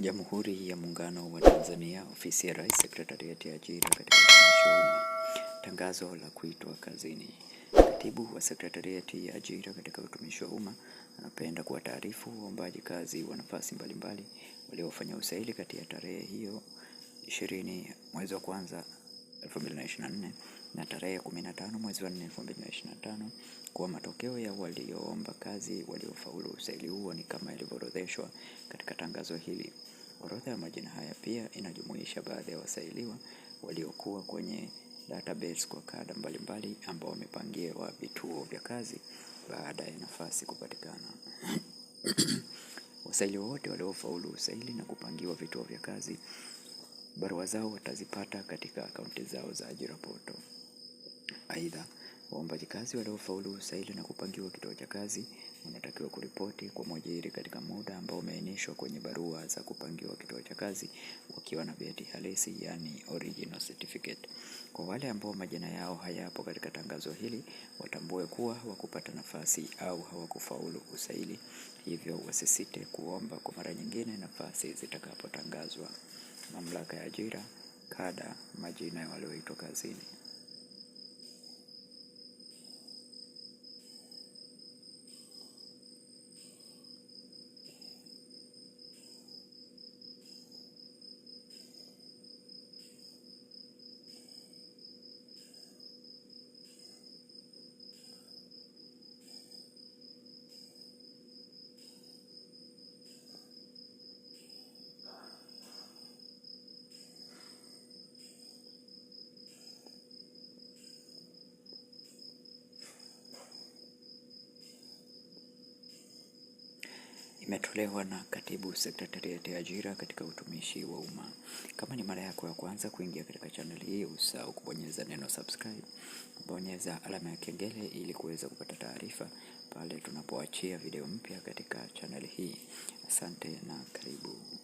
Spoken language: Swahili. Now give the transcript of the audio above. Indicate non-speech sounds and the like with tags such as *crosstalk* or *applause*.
Jamhuri ya Muungano wa Tanzania, Ofisi ya Rais, Sekretarieti ya Ajira katika Utumishi wa Umma. Tangazo la kuitwa kazini. Katibu wa Sekretarieti ya Ajira katika Utumishi wa Umma anapenda kuwataarifu waombaji kazi wa nafasi mbalimbali waliofanya usaili kati ya tarehe hiyo 20 mwezi wa kwanza 2024 na tarehe 15 mwezi wa 4 2025 kuwa matokeo ya walioomba kazi waliofaulu usaili huo ni kama ilivyoorodheshwa katika tangazo hili. Orodha ya majina haya pia inajumuisha baadhi ya wasailiwa waliokuwa kwenye database kwa kada mbalimbali ambao wamepangiwa vituo vya kazi baada ya nafasi kupatikana. *clears throat* Wasaili wote waliofaulu usaili na kupangiwa vituo vya kazi, barua zao watazipata katika akaunti zao za ajira poto. Aidha, waombaji kazi waliofaulu usaili na kupangiwa kituo cha kazi wanatakiwa kuripoti kwa mwajiri katika muda ambao umeainishwa kwenye barua za kupangiwa kituo cha kazi wakiwa na vyeti halisi, yani original certificate. Kwa wale ambao majina yao hayapo katika tangazo hili, watambue kuwa hawakupata nafasi au hawakufaulu usaili, hivyo wasisite kuomba kwa mara nyingine nafasi zitakapotangazwa. Mamlaka ya ajira, kada, majina ya walioitwa kazini. imetolewa na Katibu Sekretarieti ya Ajira katika Utumishi wa Umma. Kama ni mara yako ya kwanza kuingia katika chanel hii, usahau kubonyeza neno subscribe, bonyeza alama ya kengele ili kuweza kupata taarifa pale tunapoachia video mpya katika chanel hii. Asante na karibu.